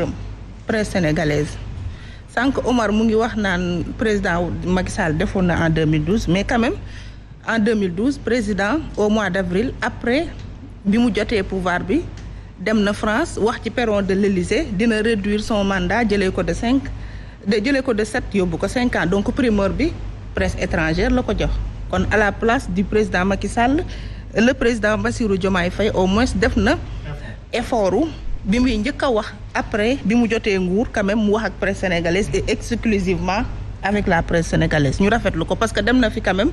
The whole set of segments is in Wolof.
këram presse sénégalaise sànq Omar mu ngi wax naan président Macky Sall defoon na en 2012 mais quand même en 2012 président au mois d'avril après bi mu jotee pouvoir bi dem na France wax ci perron de l'Élysée dina réduire son mandat jëlee ko de cinq de jëlee ko de sept yóbbu ko cinq ans donc primeur bi presse étrangère la ko jox kon à la place du président Macky Sall le président Bassirou Diomaye Faye au moins def na effort bi muy njëkk a wax après bi mu jotee nguur quand mu wax ak presse sénégalaise et exclusivement avec la presse sénégalaise ñu rafetlu ko parce que dem na fi quand même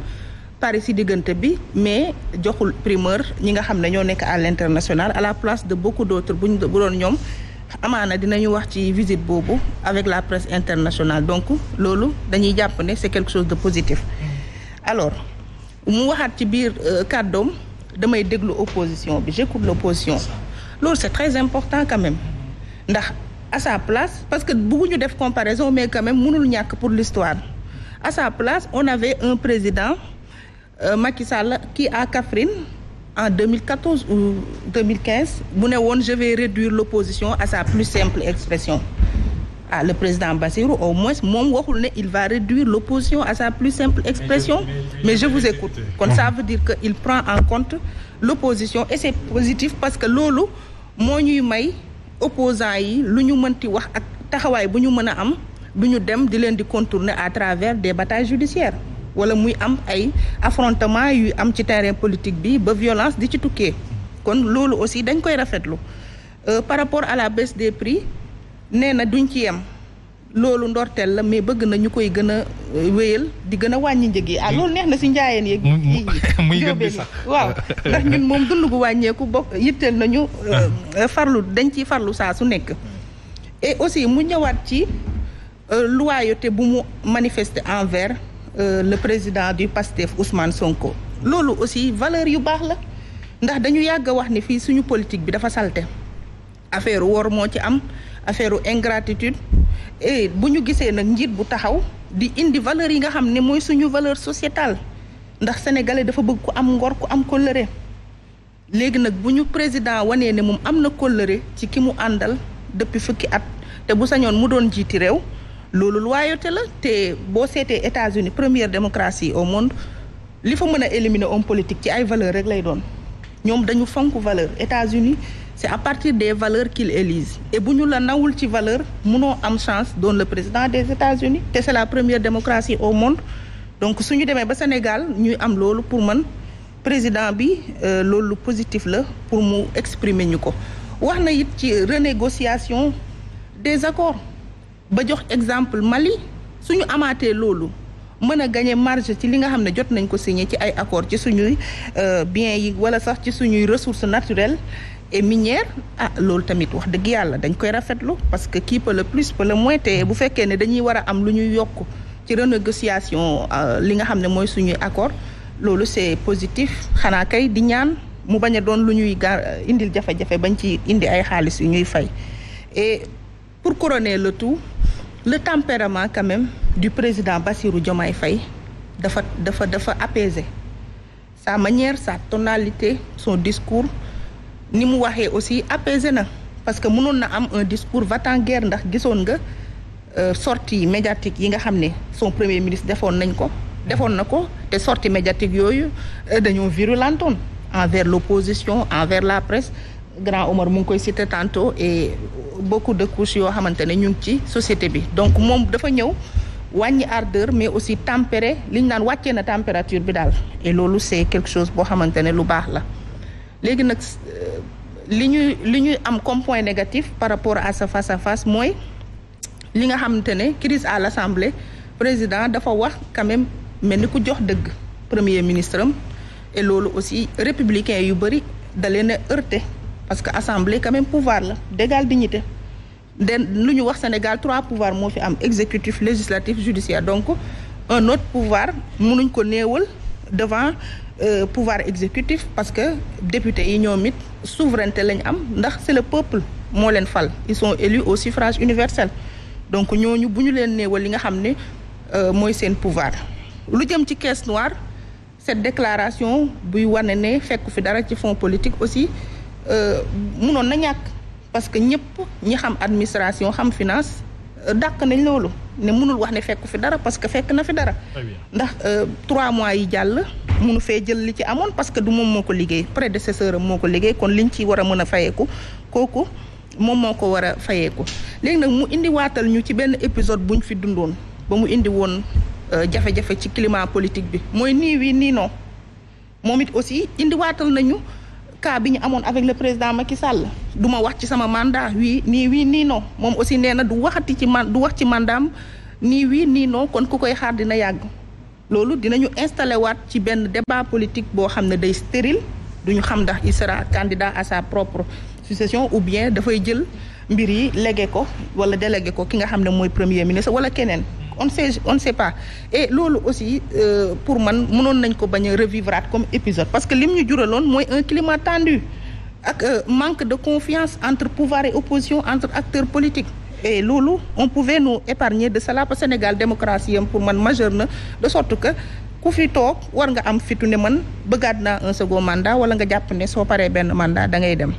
Paris si diggante bi mais joxul primeur ñi nga xam ne ñoo nekk à l'international à la place de beaucoup d'autres bu ñu bu doon ñoom amaana dinañu wax ci visite boobu avec la presse internationale donc loolu dañuy jàpp ne c'est quelque chose de positif alors mu waxaat ci biir euh, kàddoom damay déglu opposition bi j'écoute l'opposition loolu c'est très important quand même ndax à sa place parce que bëgguñu def comparaison mais quand même mënul ñàkk pour l'histoire à sa place on avait un président euh, Macky Sall qui à Kaffrine en 2014 ou 2015 mu ne woon je vais réduire l'opposition à sa plus simple expression ah le président Bassirou au moins moom waxul ne il va réduire l'opposition à sa plus simple expression mais je, mais, mais je vous écoute kon ça veut dire que prend en compte l'opposition et c'est parce que loolu moo ñuy may opposants yi lu ñu mënti wax ak taxawaay bu ñu mën a am du ñu dem di leen di contourner à travers des batailles judiciaires wala muy am ay affrontement yuy am ci terrain politique bi ba violence di ci tukkee kon loolu aussi dañ koy rafetlu euh, par rapport à la baisse des prix nee na duñ ci yem loolu ndorteel la mais bëgg na ñu koy gën a euh, wéyal di gën a wàññi njëg yi ah loolu neex na si njaayeen yeeg muy gën bi sax waaw ndax ñun moom dund wàññeeku bokk yitteel nañu ah. euh, euh, farlu dañ ciy farlu saa su nekk et aussi mu ñëwaat ci loyauté bu mu manifester envers le président du PASTEF Ousmane Sonko loolu aussi valeur yu baax la ndax dañu yàgg wax ni fii suñu politique bi dafa salte affaire wor moo ci am affaire ingratitude et bu ñu gisee nag njiit bu taxaw di indi valeur yi nga xam ne mooy suñu valeur societal ndax sénégalais dafa bëgg ku am ngor ku am kóllëre léegi nag bu ñu président wanee ne moom am na kóllëre ci ki mu àndal depuis fukki at te bu sañoon mu doon jiiti réew loolu lu waaye loyauté la te boo seetee États-Unis première démocratie au monde li fa mën a éliminer homme politique ci ay valeur rek lay doon ñoom dañu fonk valeur États-Unis c'est à partir des valeurs qu'il élise et bu ñu la nawul ci valeur munoo am chance doon le président des États-Unis te c'est la première démocratie au monde donc suñu demee ba Sénégal ñuy am loolu pour man président bi euh, loolu lu positif la pour mu exprimer ñu ko wax na it ci renégociation des accords ba jox exemple Mali suñu amaatee loolu mën a gagner marge ci li nga xam ne jot nañ ko signé ci ay accords ci suñuy euh, biens yi wala sax ci suñuy ressources naturelles et minière ah loolu tamit wax dëgg yàlla dañ koy rafetlu parce que qui peut le plus peut le moins bu fekkee ne dañuy war a am lu ñuy yokk ci renégociation euh, li nga xam ne mooy suñuy accord loolu c'est positif xanaa kay di ñaan mu bañ a doon lu ñuy gar euh, indil jafe-jafe bañ ci indi ay xaalis yu ñuy fay et pour couronner le tout le tempérament quand même du président bassiru Diomaye Faye dafa dafa dafa apaisé sa manière sa tonalité son discours ni mu waxee aussi apaisé na parce que mënoon na am un discours va t guerre ndax gisoon nga euh, sorties médiatiques yi nga xam ne son premier ministre defoon nañ ko defoon na ko te sorti médiatique yooyu euh, dañoo virulentoon envers l'opposition envers la presse grand Omar mu ngi koy cité tantôt et beaucoup de couches yoo xamante ne ñu ngi ci société bi donc moom dafa ñëw wàññi ardeur mais aussi tempérer li ñu naan wàccee na température bi daal et loolu c'est quelque chose boo xamante ne lu baax la léegi nag euh, li ñuy li ñuy am comme point négatif par rapport à sa face à mooy li nga xamante ne crise à l'Assemblée président dafa wax quand mel ni ku jox dëgg premier ministre am et loolu aussi républicain yu bëri da leen a parce que assemblée quand même pouvoir la d'égale dignité den lu ñu wax Sénégal trois pouvoirs moo fi am exécutif législatif judiciaire donc un autre pouvoir mënuñ ko néewal devant euh, pouvoir exécutif parce que député yi ñoom it souveraineté la ñu am ndax c'est le peuple moo leen fal ils sont élus aussi suffrage universel donc ñooñu bu ñu leen néewal li nga xam ne euh, mooy seen pouvoir lu jëm ci caisse noire cette déclaration buy wane ne fekk fi dara ci fonds politique aussi euh, munoon na ñàkk parce que ñëpp ñi xam administration xam finance dàq nañ loolu ne mënul wax ne fekku fi dara parce que fekk na fi dara ndax euh, trois mois yi jàll mënu fee jël li ci amoon parce que du moom moo ko liggéey prédécesseur am moo ko liggéey kon liñ ci war a mën a fayeeku kooku moom moo ko war a fayeeku léegi nag mu indiwaatal ñu ci benn épisode buñ fi dundoon ba mu indi woon euh, jafe-jafe ci climat politique bi mooy nii wii nii non moom it aussi indiwaatal nañu cas bi ñu amoon avec le président Macky Sall du ma wax ci sama mandat oui nii wii nii noo moom aussi nee na du waxati ci man du wax ci mandaam nii wii nii noo kon ku koy xaar dina yàgg loolu dina ñu installé waat ci benn débat politique boo xam ne day stérile ñu xam ndax il sera candidat à sa propre succession ou bien dafay jël mbir yi légué ko wala délégué ko ki nga xam ne mooy premier ministre wala keneen on ne sait on ne sait pas loolu aussi euh, pour man mënoon nañ ko bañ a revivraat comme épisode parce que lim ñu juraloon mooy un climat tendu ak euh, manque de confiance entre pouvoir et opposition entre acteur politiques loolu on pouvait nous épargner de cela Sénégal démocratie yam pour man majeur na de sorte que ku fi toog war nga am fitu ne man bëggaat naa un second mandat wala nga jàpp ne soo paree benn mandat dangay ngay dem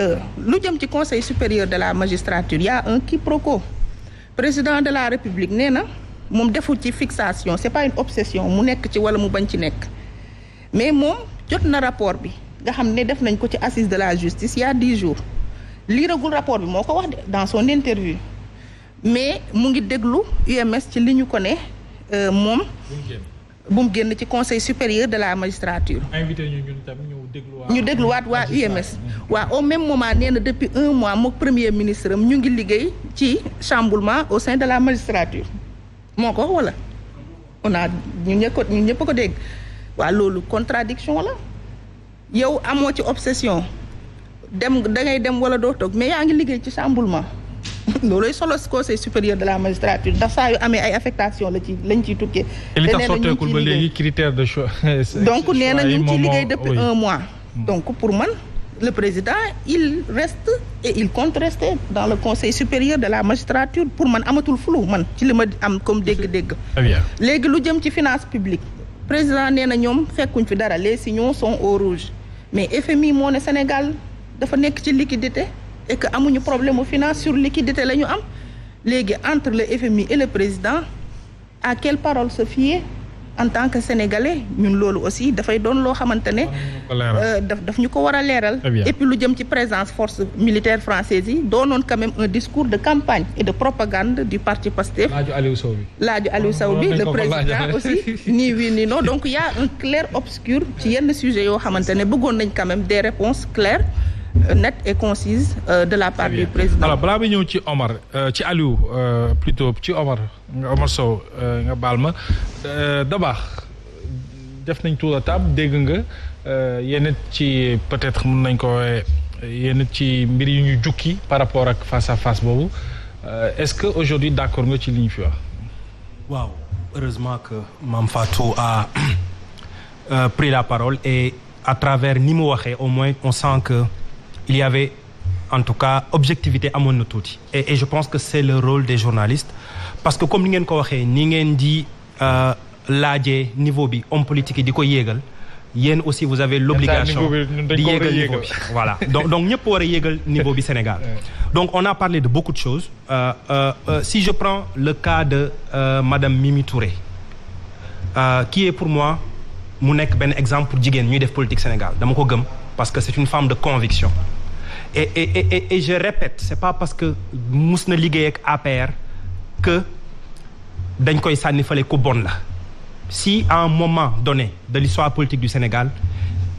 euh, lu jëm ci conseil supérieur de la magistrature y a un président de la république nee na moom deful ci fixation c'est pas une obsession mu nekk ci wala mu bañ ci nekk mais moom jot na rapport bi nga xam ne def nañ ko ci assise de la justice il y a dix jours liiragul rapport bi moo ko wax dans son interview mais mu ngi déglu UMS ci li ñu ko ne euh, moom bu mu génn ci conseil supérieur de la magistrature. invité ñu ñun tam ñu dégluwaat. ñu dégluwaat waa UMS. waa au même moment nee na depuis un mois mook premier ministre am ñu ngi liggéey ci chamboulement au sein de la magistrature moo ko wala. on ñu ñëpp ko ñu ñëpp ko dégg waa loolu contradiction la yow amoo ci obsession dem dangay dem wala doo toog mais yaa ngi liggéey ci chamboulement. loolu loolooy solo conseil supérieur de la magistrature ndax saa yu amee ay affectation la ci lañ ciy tukkee. te li tax sotteekul ba léegi de choix. donc nee na ñu ngi ciy liggéey depuis un mois. Mm. donc pour man le président il reste et il compte rester dans le conseil supérieur de la magistrature pour man amatul flou man ci li ma am comme dégg-dégg. léegi lu jëm ci finance publique. président nee na ñoom fekkuñ fi dara les signaux sont au rouge mais FMI moo ne Sénégal dafa nekk ci liquidité. et amuñu problème mu finance sur liquidité la ñu am léegi entre le FMI et le président à quelle parole se fier en tant que sénégalais ñun loolu aussi dafay doon loo xamante ne. Euh, daf daf ñu ko war a leeral. et lu jëm ci présence force militaire française yi doonoon quand même un discours de campagne et de propagande du parti Pastef. laaju Aliou Sow bi laaju Aliou Sow bi le président aussi. nii oui nii non donc y a un clair obscur ci yenn sujet yoo xamante ne bëggoon nañ quand même des réponses nette et concise euh, de la part du président. balaa ma ñëw ci Omar euh, ci Aliou euh, pluto ci Omar nga Omar Sow nga baal ma dabaax def nañ tour de dégg nga yenn ci peut-être mën nañ ko yenn ci mbir yu ñu jukki par rapport ak face à face boobu est-ce que aujourd'hui d'accord nga ci li ñu fi wax. waaw heureusement que Mame Fatou a pris la parole et à travers ni mu waxee au moins on sent que. il y avait en tout cas objectivité amoon na tuuti. et et je pense que c'est le rôle des journalistes parce que comme ni ngeen ko waxee ni ngeen di euh, laaje niveau bi homme politique di ko yéegal yéen aussi vous avez l'obligation di yéegal niveau bi voilà ñëpp war a yéegal niveau bi Sénégal donc on a parlé de beaucoup de choses euh, euh, si je prends le cas de madame Mimi Touré qui est pour moi mu nekk benn exemple pour jigéen ñuy def politique Sénégal dama ko gëm parce que c'est une femme de conviction et et et et je répète c'est pas parce que mus na liggéey ak APR que dañ koy sànni fale ku bon la si à moment donné de l'histoire politique du Sénégal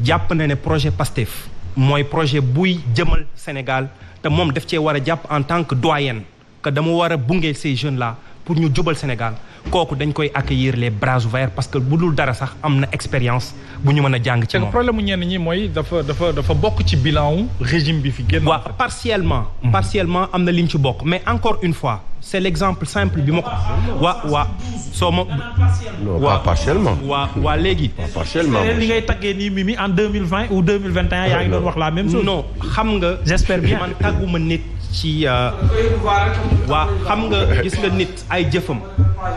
jàpp na ne projet PASTEF mooy projet buy jëmal Sénégal te moom daf cee war a jàpp en tant que doyen que dama war a bunge ces jeunes là pour ñu jubal Sénégal kooku dañ koy accueillir les bras ouverts parce que bu dul dara sax am na expérience bu ñu mën a jàng ci moom. problème mu ñenn ñi mooy dafa dafa dafa bokk ci bilan wu régime bi fi génn. waaw mhm. partiellement. am na li ñu ci bokk mais encore une fois c' est exemple simple bi ma ko. waa waa soo ma. non pas partiellement. waa waa léegi. partiellement li ngay taggee nii Mimi en deux mille vingt ou deux mille vingt et un yaa ngi doon wax la même chose. non xam nga. j' espère man tàgguma nit. ci euh, waa xam nga gis nga nit ay jëfam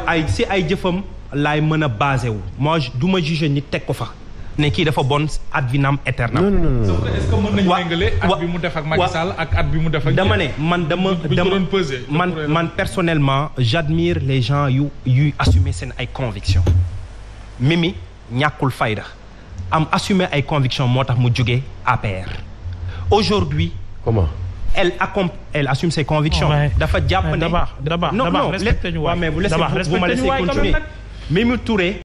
ay si ay jëfam lay mën a basé wu moi duma ma juge nit teg ko fa ne kii dafa bon ad vinam aeternam est mu def ak Macky ak at bi mu def ak dama ne man dama dama man man personnellement j'admire les gens yu yuy assumer seen ay convictions Mimi ñàkkul fayda am assumer ay convictions moo tax mu jóge APR aujourd'hui comment elle accomp elle assume ses convictions. dafa jàpp ne dafa non non respecté ñu waay mais vous laissez vous ma laissez continuer Mimi Touré.